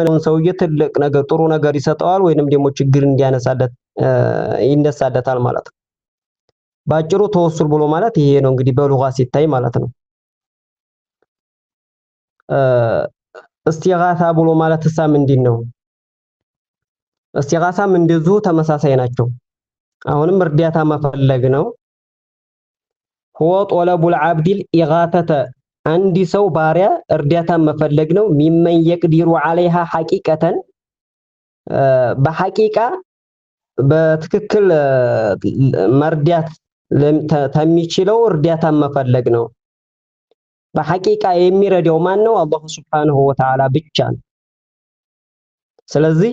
ያለውን ሰውዬ ትልቅ ነገር ጥሩ ነገር ይሰጠዋል ወይንም ደግሞ ችግር እንዲያነሳለት ይነሳለታል ማለት ነው። ባጭሩ ተወሱል ብሎ ማለት ይሄ ነው እንግዲህ በሉጋ ሲታይ ማለት ነው። እስቲጋሳ ብሎ ማለት እሳ ምንድን ነው? እስቲጋሳም እንደዚሁ ተመሳሳይ ናቸው። አሁንም እርዳታ መፈለግ ነው። ሁወ ጦለቡል ዓብዲል ኢጋተተ አንድ ሰው ባሪያ እርዳታን መፈለግ ነው። ሚመን የቅዲሩ አለይሃ ሐቂቀተን በሐቂቃ በትክክል መርዳት ከሚችለው እርዳታን መፈለግ ነው። በሐቂቃ የሚረዳው ማን ነው? አላሁ ስብሓነሁ ወተዓላ ብቻ ነው። ስለዚህ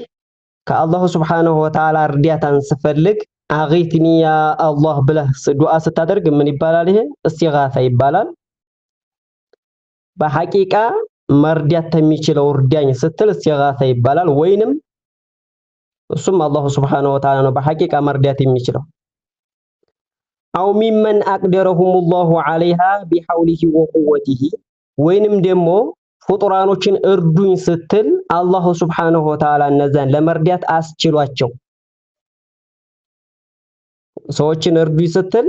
ከአላሁ ስብሓነሁ ወተዓላ እርዳታን ስፈልግ አጊትኒ ያ አላህ ብለህ ዱዓ ስታደርግ ምን ይባላል? ይሄ እስቲጋሳ ይባላል። በሐቂቃ መርዳት የሚችለው እርዳኝ ስትል እስቲጋሳ ይባላል። ወይንም እሱም አላሁ ስብሓነሁ ወተዓላ ነው በሐቂቃ መርዳት የሚችለው አው ሚመን አቅደረሁሙላሁ ዓለይሃ ቢሐውሊሂ ወቁወቲሂ ወይንም ደግሞ ፍጡራኖችን እርዱኝ ስትል አላሁ ስብሓነሁ ወተዓላ እነዛን ለመርዳት አስችሏቸው ሰዎችን እርዱኝ ስትል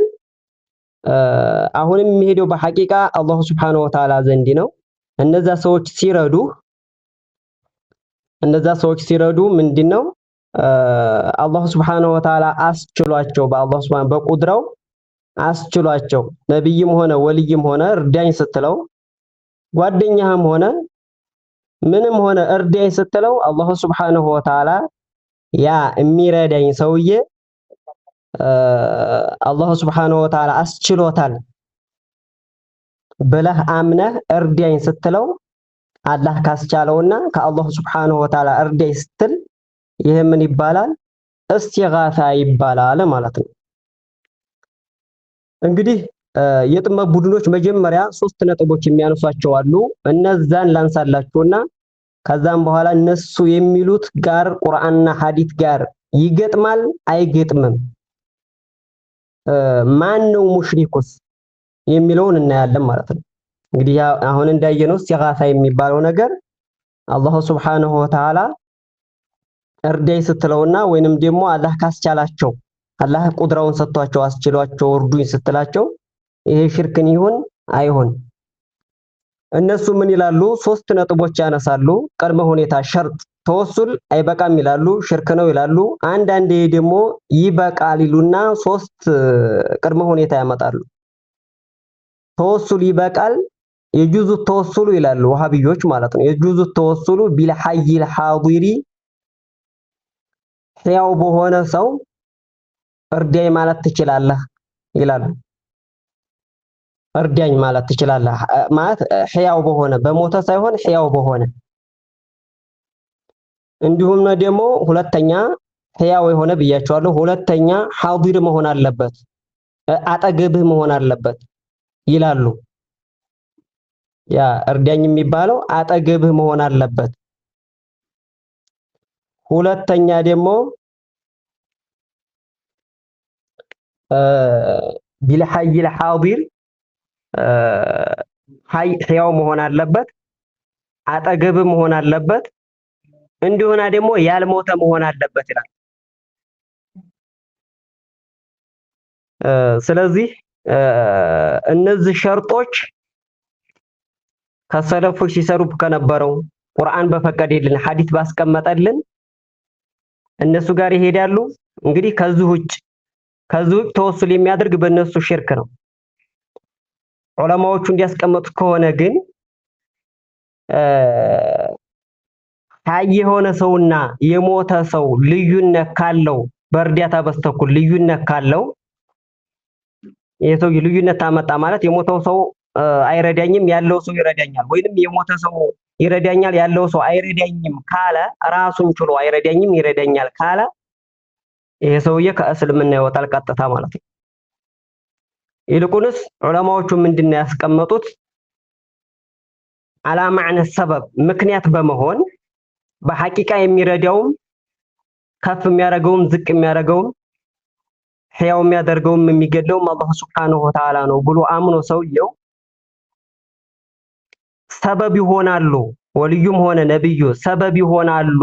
አሁንም የሚሄደው በሐቂቃ አላሁ ስብሓነሁ ወተዓላ ዘንድ ነው። እነዛ ሰዎች ሲረዱ እነዛ ሰዎች ሲረዱ ምንድን ነው አላሁ ስብሓነሁ ወተዓላ አስችሏቸው በአላሁ ስብሓነሁ በቁድራው አስችሏቸው ነብይም ሆነ ወልይም ሆነ እርዳኝ ስትለው ጓደኛህም ሆነ ምንም ሆነ እርዳኝ ስትለው አላሁ ስብሓነሁ ወተዓላ ያ የሚረዳኝ ሰውዬ አላሁ ስብሓነሁ ወተዓላ አስችሎታል ብለህ አምነህ እርዳኝ ስትለው አላህ ካስቻለውና ከአላሁ ስብሓነሁ ወተዓላ እርዳኝ ስትል ይህ ምን ይባላል? እስቲጋሳ ይባላል ማለት ነው። እንግዲህ የጥመት ቡድኖች መጀመሪያ ሶስት ነጥቦች የሚያነሷቸው አሉ። እነዛን ላንሳላችሁና ከዛም በኋላ እነሱ የሚሉት ጋር ቁርአንና ሐዲት ጋር ይገጥማል አይገጥምም ማን ነው ሙሽሪኩስ የሚለውን እናያለን ማለት ነው። እንግዲህ አሁን እንዳየነው ኢስቲጋሳ የሚባለው ነገር አላህ ሱብሓነሁ ወተዓላ እርዳይ ስትለውና ወይንም ደግሞ አላህ ካስቻላቸው አላህ ቁድራውን ሰጥቷቸው አስችሏቸው እርዱኝ ስትላቸው ይሄ ሽርክን ይሁን አይሁን እነሱ ምን ይላሉ? ሶስት ነጥቦች ያነሳሉ። ቅድመ ሁኔታ፣ ሸርጥ ተወሱል አይበቃም ይላሉ፣ ሽርክ ነው ይላሉ። አንዳንዴ ደግሞ ይበቃል ይሉና ሶስት ቅድመ ሁኔታ ያመጣሉ። ተወሱል ይበቃል፣ የጁዙ ተወሱሉ ይላሉ ወሃቢዮች ማለት ነው። የጁዙ ተወሱሉ ቢልሐይል ሐዲሪ ሕያው በሆነ ሰው እርዳኝ ማለት ትችላለህ ይላሉ። እርዳኝ ማለት ትችላለህ ማለት ሕያው በሆነ በሞተ ሳይሆን ሕያው በሆነ እንዲሁም ደግሞ ሁለተኛ ህያው የሆነ ብያቸዋለሁ። ሁለተኛ ሐዲር መሆን አለበት፣ አጠገብህ መሆን አለበት ይላሉ። ያ እርዳኝ የሚባለው አጠገብህ መሆን አለበት። ሁለተኛ ደግሞ ቢልሐይል ሐዲር ህያው መሆን አለበት፣ አጠገብህ መሆን አለበት እንዲሆና ደግሞ ያልሞተ መሆን አለበት ይላል። ስለዚህ እነዚህ ሸርጦች ከሰለፎች ሲሰሩ ከነበረው ቁርአን በፈቀደልን ሐዲስ ባስቀመጠልን እነሱ ጋር ይሄዳሉ። እንግዲህ ከዚህ ውጭ ከዚህ ውጭ ተወሱል የሚያደርግ በእነሱ ሽርክ ነው። ዑለማዎቹ እንዲያስቀመጡት ከሆነ ግን ታይ የሆነ ሰውና የሞተ ሰው ልዩነት ካለው በእርዳታ በስተኩል ልዩነት ካለው የሰው ልዩነት ታመጣ ማለት የሞተው ሰው አይረዳኝም ያለው ሰው ይረዳኛል፣ ወይንም የሞተ ሰው ይረዳኛል ያለው ሰው አይረዳኝም ካለ ራሱን ችሎ አይረዳኝም ይረዳኛል ካለ ይሄ ሰውዬ ከእስልምና ይወጣል ቀጥታ ማለት ነው። ይልቁንስ ዑለማዎቹ ምንድነው ያስቀመጡት? አላ ማዕነ ሰበብ ምክንያት በመሆን በሐቂቃ የሚረዳውም ከፍ የሚያደርገውም ዝቅ የሚያደርገውም ሕያው የሚያደርገውም የሚገለውም አላህ ሱብሓነሁ ወተዓላ ነው ብሎ አምኖ ሰውየው ሰበብ ይሆናሉ፣ ወልዩም ሆነ ነብዩ ሰበብ ይሆናሉ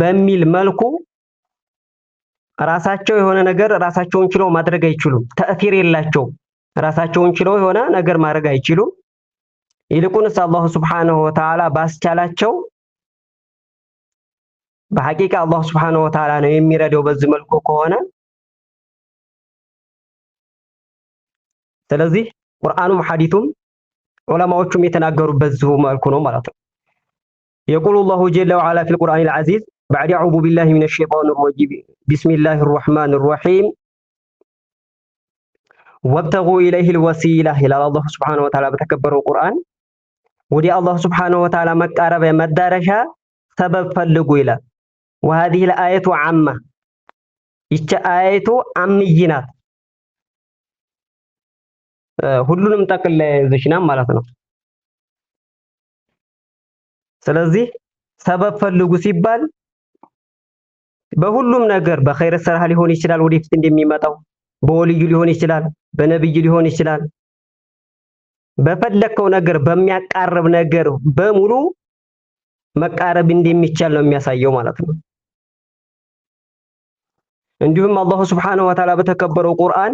በሚል መልኩ ራሳቸው የሆነ ነገር ራሳቸውን ችለው ማድረግ አይችሉም። ተእፊር የላቸውም። ራሳቸውን ችለው የሆነ ነገር ማድረግ አይችሉም። ይልቁንስ አላሁ ሱብሓነሁ ወተዓላ ባስቻላቸው بحقيقة الله سبحانه وتعالى يميره ديو بزمال كوكوانا تلزي قرآن وحديثم علماء وشم يتناقروا بزهو مالكونا مالاتو يقول الله جل وعلا في القرآن العزيز بعد عبو بالله من الشيطان الرجيم بسم الله الرحمن الرحيم وابتغوا إليه الوسيلة إلى الله سبحانه وتعالى بتكبر القرآن ودي الله سبحانه وتعالى مكارب عربية مدارشة سبب فلقوا إليه ወሀዲህ ለአየቱ አማ ይቺ አየቱ አምይ ናት። ሁሉንም ጠቅል ለያዘች ማለት ነው። ስለዚህ ሰበብ ፈልጉ ሲባል በሁሉም ነገር በኸይረ ስራ ሊሆን ይችላል፣ ወደፊት እንደሚመጣው በወልዩ ሊሆን ይችላል፣ በነብዩ ሊሆን ይችላል። በፈለከው ነገር በሚያቃርብ ነገር በሙሉ መቃረብ እንደሚቻል ነው የሚያሳየው ማለት ነው። እንዲሁም አላሁ ስብሓነሁ ወተዓላ በተከበረው ቁርአን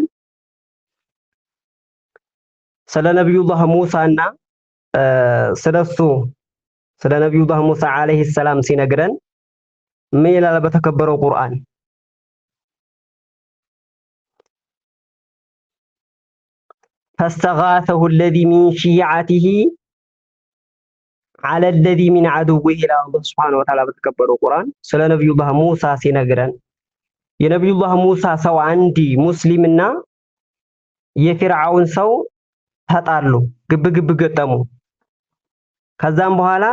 ስለ ነቢዩላህ ሙሳና ስለሱ ስለ ነቢዩላህ ሙሳ ዓለይሂ ሰላም ሲነግረን ምን ይላል? በተከበረው ቁርአን ፈስተጋሰሁ አለዚ ሚን ሺዓቲሂ ዓለ አለዚ ሚን ዓዱዊሂ ይላል አላህ ስብሓነሁ ወተዓላ በተከበረው ቁርአን ስለ ነቢዩላህ ሙሳ ሲነግረን የነቢዩላህ ሙሳ ሰው አንዲ ሙስሊምና የፊርዓውን ሰው ተጣሉ፣ ግብግብ ገጠሙ። ከዛም በኋላ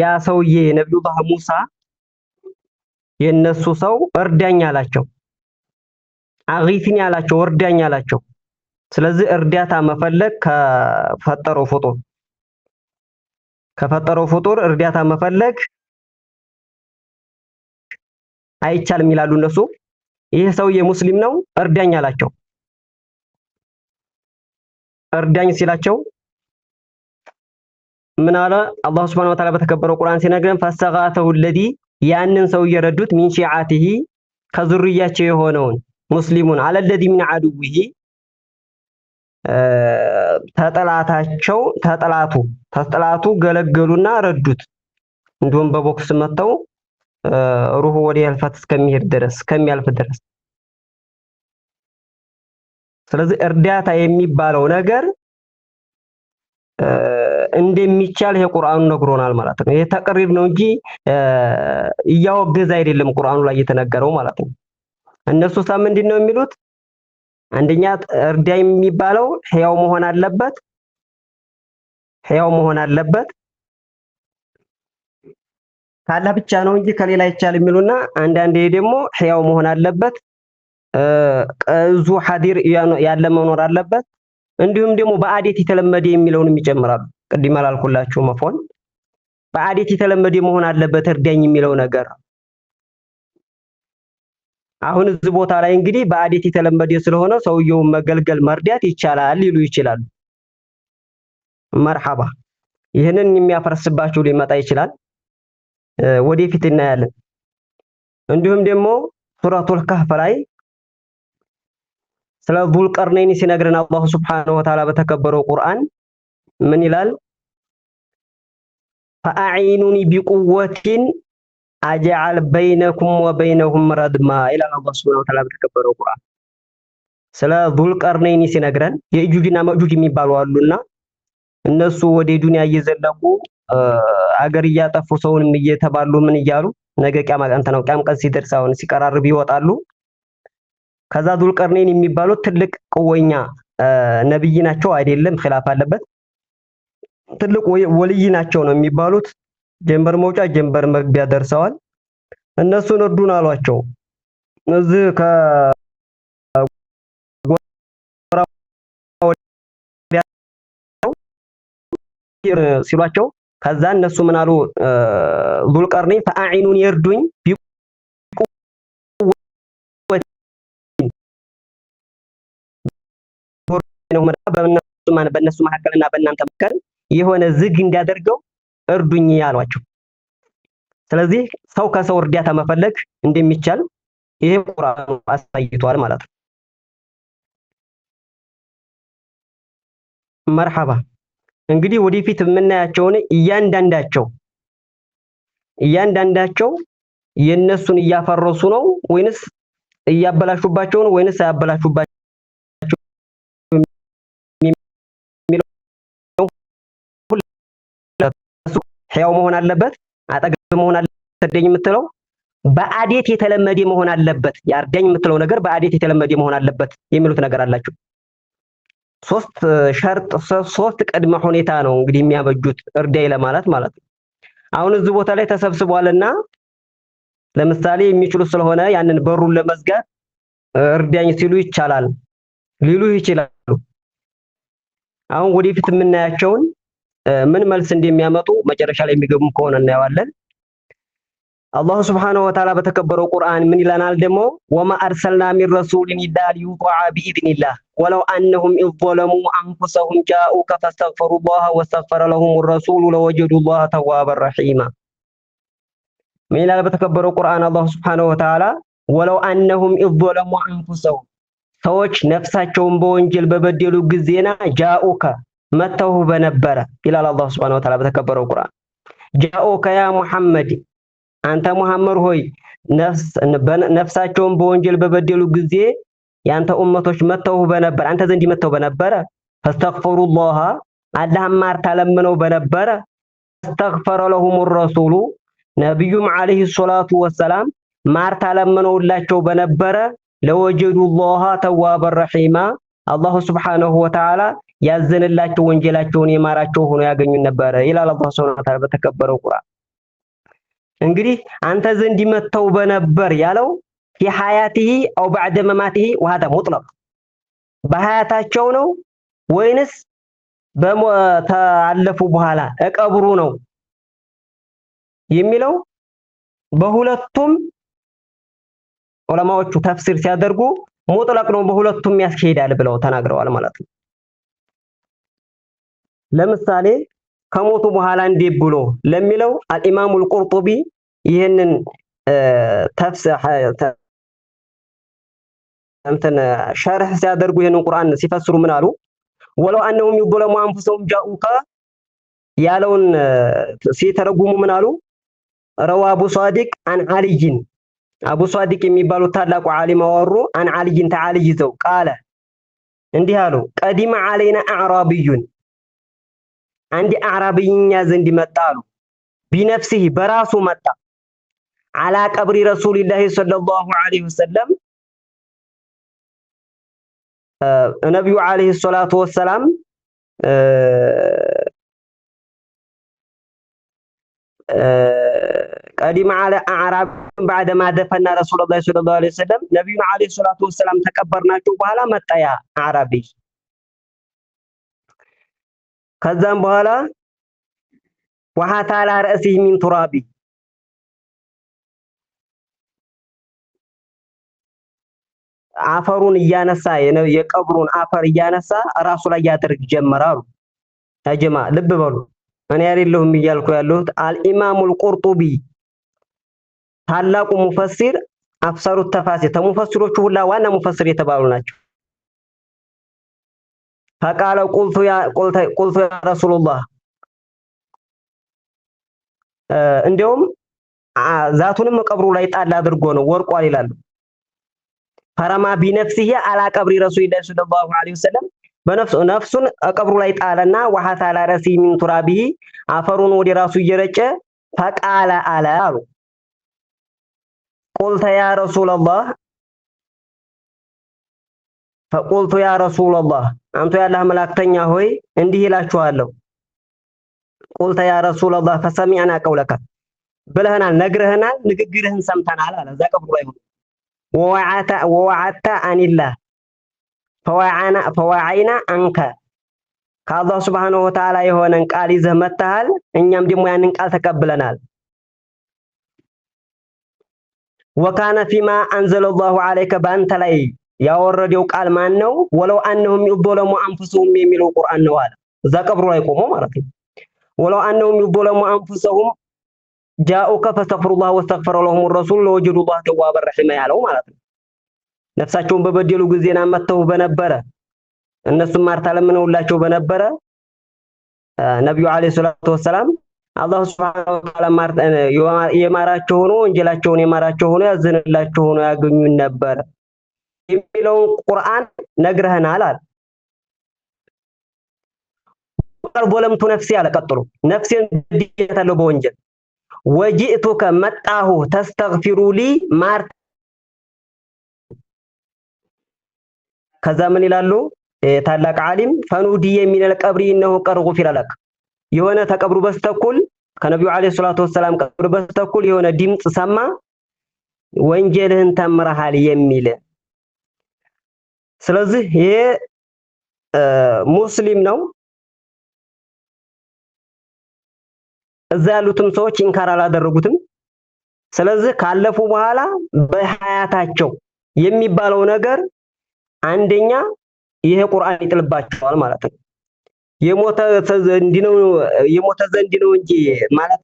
ያ ሰውዬ የነቢዩላህ ሙሳ የነሱ ሰው እርዳኝ አላቸው። አጊትኒ አላቸው፣ እርዳኝ አላቸው። ስለዚህ እርዳታ መፈለግ ከፈጠረው ፍጡር ከፈጠረው ፍጡር እርዳታ መፈለግ አይቻልም ይላሉ እነሱ። ይህ ሰውዬ ሙስሊም ነው እርዳኝ አላቸው። እርዳኝ ሲላቸው ምን አለ? አላህ ሱብሓነሁ ወተዓላ በተከበረው ቁርአን ሲነግረን ፈሰጋተሁ ለዲ ያንን ሰው እየረዱት ሚን ሺዓቲሂ ከዙርያቸው የሆነውን ሙስሊሙን አለለዚ ሚን አዱዊሂ ተጠላታቸው ተጠላቱ ተጠላቱ ገለገሉና ረዱት። እንዲሁም በቦክስ መጥተው ሩሁ ወደ ህልፈት እስከሚሄድ ድረስ እስከሚያልፍ ድረስ ስለዚህ እርዳታ የሚባለው ነገር እንደሚቻል ይሄ ቁርአኑ ነግሮናል ማለት ነው። ይሄ ተቅሪር ነው እንጂ እያወገዘ አይደለም ቁርአኑ ላይ የተነገረው ማለት ነው። እነሱ ሳ ምንድን ነው የሚሉት? አንደኛ እርዳ የሚባለው ህያው መሆን አለበት፣ ህያው መሆን አለበት። ከአላህ ብቻ ነው እንጂ ከሌላ አይቻልም የሚሉና አንዳንዴ ደግሞ ህያው መሆን አለበት፣ እዙ ሐዲር ያለ መኖር አለበት። እንዲሁም ደግሞ በአዴት የተለመደ የሚለውንም ይጨምራሉ። ቅድም አላልኩላችሁ መፎን በአዴት የተለመደ መሆን አለበት እርዳኝ የሚለው ነገር አሁን እዚህ ቦታ ላይ እንግዲህ በአዴት የተለመደ ስለሆነ ሰውየውን መገልገል መርዳት ይቻላል ሊሉ ይችላሉ። መርሐባ ይህንን የሚያፈርስባችሁ ሊመጣ ይችላል። ወደፊት እናያለን። እንዲሁም ደግሞ ሱረቱል ካህፍ ላይ ስለ ዙልቀርነይን ሲነግረን አላሁ ስብሓነሁ ወተዓላ በተከበረው ቁርአን ምን ይላል? ፈአዒኑኒ ቢቁወቲን አጀዓል በይነኩም ወበይነሁም ረድማ ይላል አላህ ስብሓነሁ ወተዓላ በተከበረው ቁርአን። ስለ ዙልቀርነይን ሲነግረን የእጁጅና መእጁጅ የሚባሉ አሉና እነሱ ወደ ዱንያ እየዘለቁ አገር እያጠፉ ሰውንም እየተባሉ ምን እያሉ ነገ ቂያማ ቀን ነው። ቂያም ቀን ሲደርስ አሁን ሲቀራርብ ይወጣሉ። ከዛ ዱልቀርኔን የሚባሉት ትልቅ ቅወኛ ነብይ ናቸው አይደለም፣ ኺላፍ አለበት። ትልቅ ወልይ ናቸው ነው የሚባሉት። ጀንበር መውጫ ጀንበር መግቢያ ደርሰዋል። እነሱን እርዱን አሏቸው። እዚህ ከ ሲሏቸው ከዛ እነሱ ምን አሉ? ዙልቀርነይን ፈአዒኑን የርዱኝ በእነሱ መካከልና በእናንተ መካከል የሆነ ዝግ እንዲያደርገው እርዱኝ ያሏቸው። ስለዚህ ሰው ከሰው እርዳታ መፈለግ እንደሚቻል ይሄ ቁርአኑ አሳይቷል ማለት ነው። መርሐባ እንግዲህ ወደፊት የምናያቸውን እያንዳንዳቸው እያንዳንዳቸው የነሱን እያፈረሱ ነው ወይንስ እያበላሹባቸው ነው ወይንስ አያበላሹባቸው ሕያው መሆን አለበት፣ አጠገብ መሆን አለበት። አርደኝ የምትለው በአዴት የተለመደ መሆን አለበት። ያርደኝ የምትለው ነገር በአዴት የተለመደ መሆን አለበት የሚሉት ነገር አላቸው። ሶስት ሸርጥ ሶስት ቅድመ ሁኔታ ነው እንግዲህ የሚያበጁት እርዳይ ለማለት ማለት ነው። አሁን እዚህ ቦታ ላይ ተሰብስቧልና ለምሳሌ የሚችሉ ስለሆነ ያንን በሩን ለመዝጋት እርዳኝ ሲሉ ይቻላል ሊሉ ይችላሉ። አሁን ወደፊት የምናያቸውን ምን መልስ እንደሚያመጡ መጨረሻ ላይ የሚገቡም ከሆነ እናየዋለን። አላሁ ስብሓነሁ ወተዓላ በተከበረው ቁርአን ምን ይለናል ደግሞ ወማ አርሰልና ሚን ረሱሊን ኢላ ሊዩጣዐ ቢኢዝኒላህ ወለው አነሁም ኢዝ ዘለሙ አንፉሰሁም ጃኡከ ፈስተግፈሩላህ ወስተግፈረ ለሁም ረሱሉ ለወጀዱላህ ተዋበን ረሒማ። ምን ይላል በተከበረው ቁርአን አላሁ ስብሓነሁ ወተዓላ ወለው አነሁም ኢዝ ዘለሙ አንፉሰሁም ሰዎች ነፍሳቸውን በወንጀል በበደሉ ጊዜና ጃኡከ መተውህ በነበረ ይላል አላሁ ስብሓነሁ ወተዓላ በተከበረው ቁርአን ጃኡከ ያ ሙሐመድ አንተ መሐመድ ሆይ ነፍሳቸውን በወንጀል በበደሉ ጊዜ ያንተ ኡመቶች መተው በነበረ አንተ ዘንድ መተው በነበረ ፈስተግፈሩላህ አላህም ማርታ ለምነው በነበረ ፈስተግፈረ ለሁም ረሱሉ ነቢዩም ዓለይሂ ሰላቱ ወሰላም ማርታ ለምነውላቸው በነበረ ለወጀዱላህ ተዋበ ረሒማ አላሁ ስብሓነሁ ወተዓላ ያዘንላቸው ወንጀላቸውን የማራቸው ሆኖ ያገኙን ነበረ ይላል አላህ ወተዓላ በተከበረው ቁርአን። እንግዲህ አንተ ዘንድ መተው በነበር ያለው ፊ ሐያቲሂ አው ባዕደ መማቲሂ ወሃዳ ሙጥለቅ በሐያታቸው ነው ወይንስ በተአለፉ በኋላ እቀብሩ ነው የሚለው በሁለቱም ዑለማዎቹ ተፍሲር ሲያደርጉ ሙጥለቅ ነው በሁለቱም ያስኬዳል ብለው ተናግረዋል ማለት ነው። ለምሳሌ ከሞቱ በኋላ እንዴት ብሎ ለሚለው አልኢማሙል ቁርጡቢ ይህንን እንትን ሸርህ ሲያደርጉ ይህንን ቁርአን ሲፈስሩ ምን አሉ? ወለው አነሁም ይظለሙ አንፉሰሁም ጃኡከ ያለውን ሲተረጉሙ ምን አሉ? ረዋ አቡ ሷዲቅ አን ዓልይን አቡ ሷዲቅ የሚባሉት ታላቁ ዓሊም አወሩ። አን ዓልይን ተዓልይ ዘው ቃለ እንዲህ አሉ፣ ቀዲመ ዓለይና አዕራቢዩን አንድ አረብኛ ዘንድ መጣ አሉ። ቢነፍሲህ በራሱ መጣ። አላ ቀብሪ ረሱልላሂ ሰለላሁ ዐለይሂ ወሰለም ነቢዩ ዐለይሂ ሰላቱ ወሰላም ቀዲም አለ አዕራብ ባዕደማ ደፈና ረሱልላሂ ሰለላሁ ዐለይሂ ወሰለም ነቢዩን ዐለይሂ ሰላቱ ወሰላም ተቀበርናቸው በኋላ መጣ ያ አዕራብይ ከዛም በኋላ ወሐታላ ረእሲ ሚን ቱራቢ አፈሩን እያነሳ የቀብሩን አፈር እያነሳ ራሱ ላይ ያደርግ ጀመረ አሉ። ያጀማ ልብ በሉ፣ እኔ አይደለሁም እያልኩ ያለሁት አልኢማሙል ቁርጡቢ ታላቁ ሙፈሲር አፍሰሩ ተፋሲር ተሙፈሲሮቹ ሁላ ዋና ሙፈሲር የተባሉ ናቸው። ፈቃለ ቁልቱ ያ ረሱሉላህ እንዲያውም ዛቱንም ቀብሩ ላይ ጣል አድርጎ ነው ወርቋል ይላሉ። ፈረማ ቢነፍሲሂ አላ ቀብሪ ረሱሊላህ ሰለላሁ ዐለይሂ ወሰለም በነፍሱን ቀብሩ ላይ ጣለና ወሐታ አላ ረሲ ሚን ቱራቢሂ አፈሩን ወደ ራሱ እየረጨ ፈቃለ አለ አሉ ቁልተ ያ ረሱለላህ ፈቁልቱ ያ ረሱለላህ አንተ ያላህ መላእክተኛ ሆይ እንዲህ ይላችኋለሁ። ቁልተ ያ ረሱለላህ ፈሰሚዕና ቀውለከ ብለህናል፣ ነግረህናል፣ ንግግርህን ሰምተናል አለ። እዛ ቀብሩ ላይ ሆኖ ወወዓተ አኒላህ ፈዋዓይና አንከ ከአላህ ስብሓነሁ ወተዓላ የሆነን ቃል ይዘህ መጥተሃል፣ እኛም ደግሞ ያንን ቃል ተቀብለናል። ወካነ ፊማ አንዘለላሁ ዓለይከ በአንተ ላይ ያወረደው ቃል ማን ነው? ወለው አንሁም ይظلሙ አንፍሱሁም የሚለው ቁርአን ነው አለ። እዛ ቀብሩ ላይ ቆሞ ማለት ነው። ወለው አንሁም ይظلሙ አንፍሱሁም ጃኡከ ፈስተግፈሩላህ ወስተግፈረ ለሁም ረሱል ለወጀዱላህ ተዋበ ረሒማ ያለው ማለት ነው። ነፍሳቸውን በበደሉ ጊዜና መተው በነበረ እነሱም ማርታ ለምነውላቸው በነበረ ነቢዩ አለይሂ ሰላቱ ወሰላም አላህ ሱብሓነሁ ወተዓላ የማራቸው ሆኖ ወንጀላቸውን የማራቸው ሆኖ ያዝንላቸው ሆኖ ያገኙን ነበረ። የሚለውን ቁርአን ነግረህናል አለ። ወቀድ ظلمቱ ነፍሲ አለ ቀጥሎ ነፍሴን በድያታለሁ በወንጀል ወጂእቱከ መጣሁ ተስተግፊሩሊ ሊ ማር ከዛ ምን ይላሉ ታላቅ ዓሊም ፈኑዲ ሚነል ቀብሪ እነሆ ቀድ ጉፊረ የሆነ ተቀብሩ በስተኩል ከነቢዩ ዓለይሂ ሰላቱ ወሰላም ቀብሩ በስተኩል የሆነ ድምፅ ሰማ ወንጀልህን ተምረሃል የሚል ስለዚህ ይሄ ሙስሊም ነው። እዛ ያሉትም ሰዎች ኢንካር አላደረጉትም። ስለዚህ ካለፉ በኋላ በሀያታቸው የሚባለው ነገር አንደኛ ይሄ ቁርአን ይጥልባቸዋል ማለት ነው። የሞተ ዘንድ ነው የሞተ ዘንድ ነው እንጂ ማለት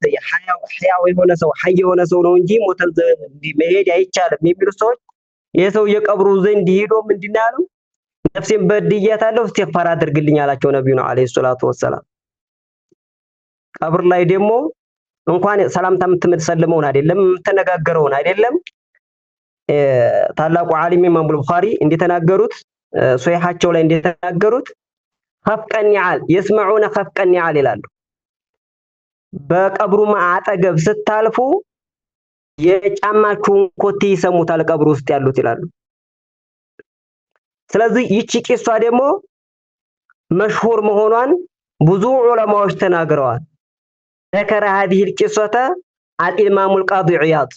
ህያው የሆነ ሰው ሀይ የሆነ ሰው ነው እንጂ ሞተ ዘንድ መሄድ አይቻልም የሚሉ ሰዎች የሰው የቀብሩ ዘንድ ሄዶ ምንድን ያለው ነፍሴን በድያታለሁ እስቲግፋር አድርግልኝ አላቸው ነቢዩ አለይሂ ሰላቱ ወሰላም። ቀብር ላይ ደግሞ እንኳን ሰላምታ የምትሰልመውን አይደለም የምትነጋገረውን አይደለም። ታላቁ ዓሊም ኢማም ቡኻሪ እንደተናገሩት ሶሒሓቸው ላይ እንደተናገሩት ከፍቀን ይዓል የስመዑነ ከፍቀን ይዓል ይላሉ። በቀብሩ አጠገብ ስታልፉ የጫማችሁን ኮቴ ይሰሙታል ቀብር ውስጥ ያሉት ይላሉ። ስለዚህ ይቺ ቂሷ ደግሞ መሽሁር መሆኗን ብዙ ዑለማዎች ተናግረዋል። ዘከረ ሀዲህ ልቂሶተ አልኢማሙ ልቃዲ ዒያድ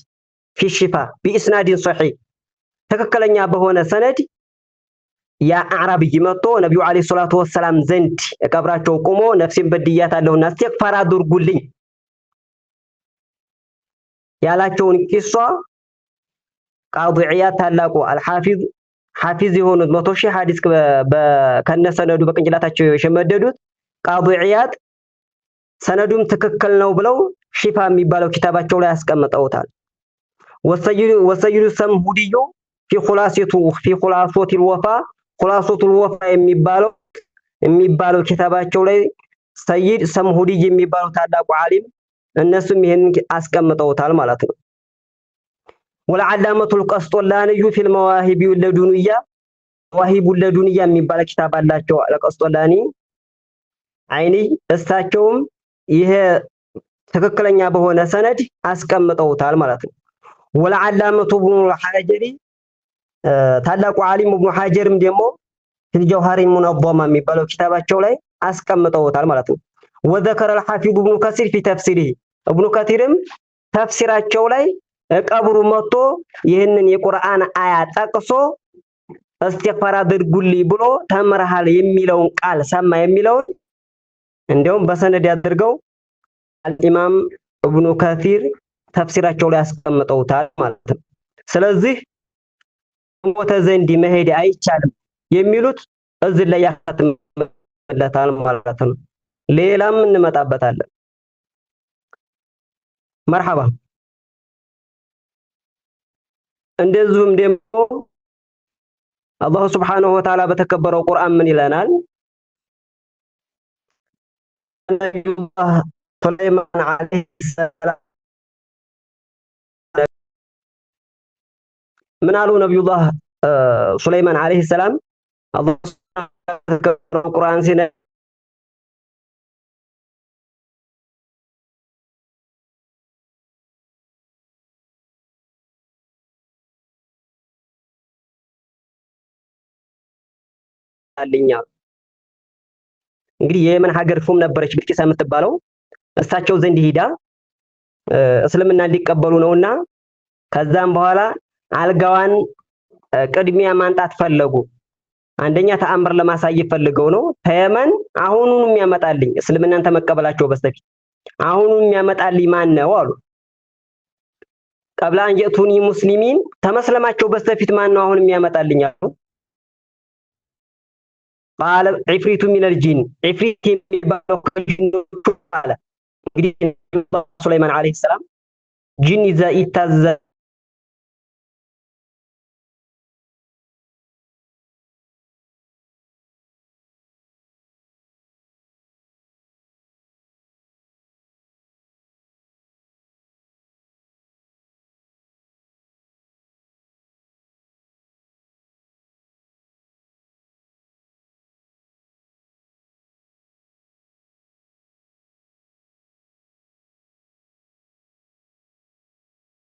ፊ ሽፋ ቢኢስናድን ሰሒህ ትክክለኛ በሆነ ሰነድ ያ አዕራብይ መጥቶ ነቢዩ ዓለይሂ ሰላቱ ወሰላም ዘንድ ቀብራቸው ቁሞ ነፍሴን በድያታለሁና እስቲግፋር አድርጉልኝ ያላቸውን ቂሷ ቃዲ ዒያድ ታላቁ አልሐፊዝ ሐፊዝ የሆኑት መቶ ሺህ ሐዲስ ከነሰነዱ በቅንጅላታቸው የሸመደዱት ቃዲ ዒያድ ሰነዱም ትክክል ነው ብለው ሺፋ የሚባለው ኪታባቸው ላይ ያስቀምጠውታል። ወሰይዱ ሰምሁድዩ ፊ ኹላሲቱ ፊ ኹላሶቲል ወፋ ኹላሶቱል ወፋ የሚባለው የሚባለው ኪታባቸው ላይ ሰይድ ሰምሁድይ የሚባለው ታላቁ ዓሊም እነሱም ይሄንን አስቀምጠውታል ማለት ነው። ወለዓላመቱል ቀስጦላንዩ ፊል መዋሂብ ለዱንያ መዋሂቡ ለዱንያ የሚባል ኪታብ አላቸው። ለቀስጦላኒ አይኒ እሳቸውም ይሄ ትክክለኛ በሆነ ሰነድ አስቀምጠውታል ማለት ነው። ወለዓላመቱ ኢብኑል ሐጀሪ ታላቁ ዓሊም ኢብኑ ሐጀርም ደግሞ ፊል ጀውሃሪል የሚባለው ኪታባቸው ላይ አስቀምጠውታል ማለት ነው። ወዘከረል ሐፊዙ ኢብኑ ከሲር ፊ ተፍሲሪሂ እብኑ ከቲርም ተፍሲራቸው ላይ ቀብሩ መጥቶ ይህንን የቁርአን አያ ጠቅሶ እስትግፋር አድርጉልኝ ብሎ ተምርሃል የሚለውን ቃል ሰማ የሚለውን እንዲያውም በሰነድ ያድርገው አልኢማም እብኑ ከቲር ተፍሲራቸው ላይ አስቀምጠውታል ማለት ነው። ስለዚህ ሞተ ዘንድ መሄድ አይቻልም የሚሉት እዚህ ላይ ያካትመለታል ማለት ነው። ሌላም እንመጣበታለን። መርሐባ። እንደዚሁም ደግሞ አላሁ ስብሓነሁ ወተዓላ በተከበረው ቁርአን ምን ይለናል? ነቢዩላህ ሱለይማን ዓለይሂ ሰላም ምን አሉ? ነቢዩላህ ሱለይማን ዓለይሂ ሰላም አላሁ ስብሓነሁ ወተዓላ በተከበረው ቁርአን ሲነ ይመጣልኛ። እንግዲህ የየመን ሀገር ሹም ነበረች ብልቂስ የምትባለው እሳቸው ዘንድ ሂዳ እስልምና እንዲቀበሉ ነውና፣ ከዛም በኋላ አልጋዋን ቅድሚያ ማንጣት ፈለጉ። አንደኛ ተአምር ለማሳየት ፈልገው ነው። ተየመን አሁኑን የሚያመጣልኝ እስልምናን ተመቀበላቸው በስተፊት አሁኑን የሚያመጣልኝ ማን ነው አሉ። ቀብላ አንጀቱኒ ሙስሊሚን ተመስለማቸው በስተፊት ማን ነው አሁን የሚያመጣልኝ አሉ። قال عفريت من الجن عفريت من الجن قال سليمان عليه السلام جن إذا اتزل